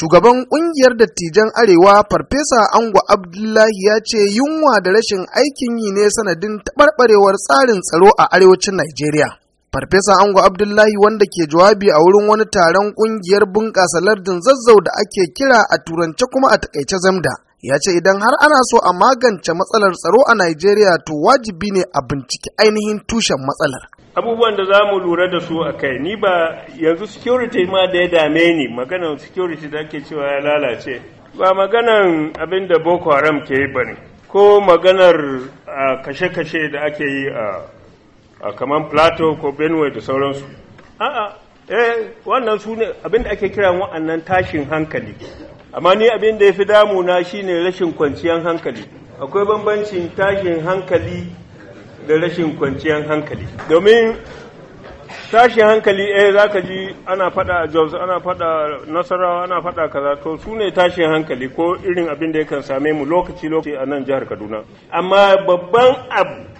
Shugaban ƙungiyar dattijan Arewa Farfesa Ango Abdullahi ya ce yunwa da rashin aikin yi ne sanadin taɓarɓarewar tsarin tsaro a arewacin Najeriya. Farfesa Ango Abdullahi wanda ke jawabi a wurin wani taron kungiyar bunƙasa lardin zazzau da ake kira a turance kuma a takaice zamda. Ya ce idan har ana so a magance matsalar tsaro a Najeriya to wajibi ne a binciki ainihin tushen matsalar. Abubuwan da za mu lura da su a kai, ni ba yanzu security ma da ya dame ni maganar security da ake cewa ya lalace. Ba maganar abin da Boko Haram ke yi ba ne, ko maganar ah, kashe-kashe da ake yi a a kamar plato ko benway da sauransu a'a eh wannan su ne abinda ake kira wa'annan tashin hankali amma ni abin da ya fi damuna shine rashin kwanciyar hankali akwai bambancin tashin hankali da rashin kwanciyar hankali domin tashin hankali eh za ka ji ana fada a jobs ana fada nasarawa ana fada kaza to su ne tashin hankali ko irin abin da kan same mu lokaci lokaci a nan jihar kaduna amma babban abu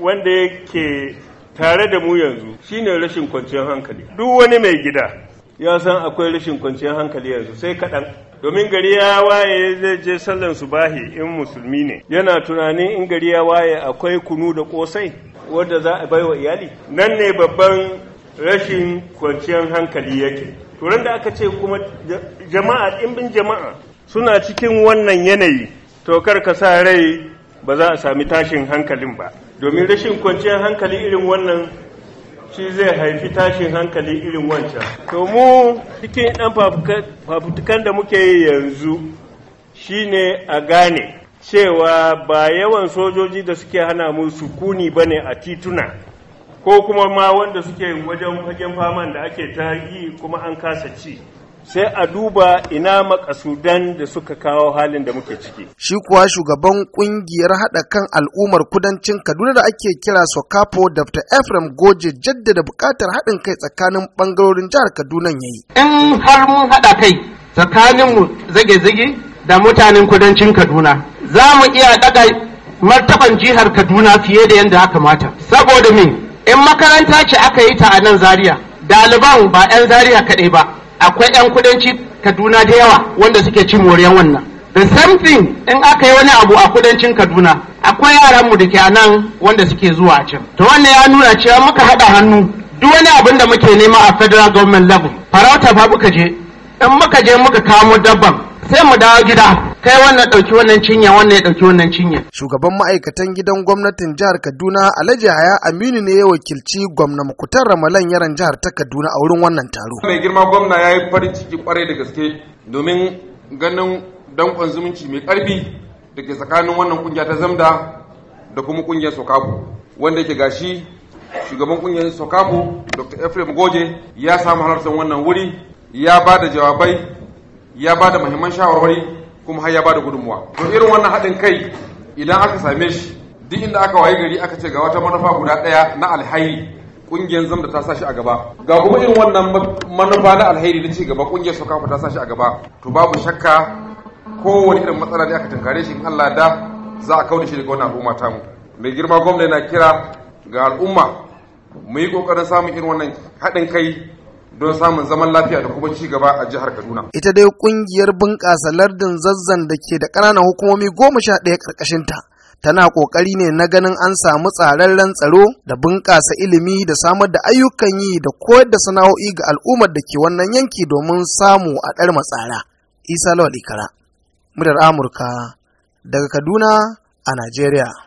wanda yake tare da mu yanzu shine rashin kwanciyar hankali duk wani mai gida ya san akwai rashin kwanciyar hankali yanzu sai kaɗan domin gari ya waye zai je sallan Bahi, in musulmi ne yana tunanin in gari ya waye akwai kunu da ƙosai wadda za a baiwa iyali nan ne babban rashin kwanciyar hankali yake turan da aka ce kuma jama'a ɗimbin jama'a suna cikin wannan yanayi Tokar kar ka sa rai ba za a sami tashin hankalin ba domin rashin kwanciyar hankali irin wannan shi zai haifi tashin hankali irin wancan to mu cikin ɗan fafutukan da muke yi yanzu shine a gane cewa ba yawan sojoji da suke hana mu sukuni ba ne a tituna ko kuma ma wanda suke wajen fagen faman da ake ta yi kuma an kasa ci sai a duba ina makasudan da suka kawo halin da muke ciki. Shi kuwa shugaban kungiyar haɗa kan al'ummar kudancin Kaduna da ake kira Sokapo Dr. Ephraim Goje jaddada buƙatar haɗin kai tsakanin ɓangarorin jihar Kaduna ya yi. In har mun haɗa kai tsakaninmu zage-zage da mutanen kudancin Kaduna za mu iya ɗaga martaban jihar Kaduna fiye da yadda ya kamata. Saboda me in makaranta ce aka yi ta a nan Zaria, ɗaliban ba 'yan Zariya kaɗai ba, akwai 'yan kudanci kaduna da yawa wanda suke cin moriyar wannan the same thing in aka yi wani abu a kudancin kaduna akwai yaranmu da ke nan wanda suke zuwa a can to wannan ya nuna cewa muka haɗa hannu duk wani abin da muke nema a federal government level farauta ba muka je in muka je muka kamo dabban sai mu dawo gida kai wannan ɗauki wannan cinya wannan ya ɗauki wannan cinya. Shugaban ma'aikatan gidan gwamnatin jihar Kaduna Alhaji Haya Aminu ne ya wakilci gwamna Mukutar Ramalan yaran jihar ta Kaduna a wurin wannan taro. Mai girma gwamna ya yi farin ciki kwarai da gaske domin ganin danƙon zumunci mai ƙarfi da ke tsakanin wannan kungiya ta zamda da kuma kungiyar Sokabu wanda yake gashi shugaban kungiyar Sokabu Dr. Ephraim Goje ya samu halartar wannan wuri ya ba da jawabai ya ba da muhimman shawarwari kuma har ya ba da gudunmuwa to irin wannan haɗin kai idan aka same shi duk inda aka waye gari aka ce ga wata manufa guda ɗaya na alhairi ƙungiyar zamda ta sashi a gaba ga kuma irin wannan manufa na alheri na cigaba ƙungiyar sokafa ta sashi a gaba to babu shakka kowane irin matsala da aka tunkare shi in Allah da za a kauda shi daga wannan al'umma tamu mai girma gwamna yana kira ga al'umma mu yi kokarin samun irin wannan haɗin kai don samun zaman lafiya da kuma ci gaba a jihar Kaduna. Ita dai kungiyar bunƙasa lardin zazzan da ke da ƙananan hukumomi goma sha ɗaya ƙarƙashinta. Tana ƙoƙari ne na ganin an samu tsararren tsaro da bunƙasa ilimi da samar da ayyukan yi da koyar da sana'o'i ga al'ummar da ke wannan yanki domin samu a ɗar matsara. Isa Lawal Ikara, mudar Amurka, daga Kaduna a Najeriya.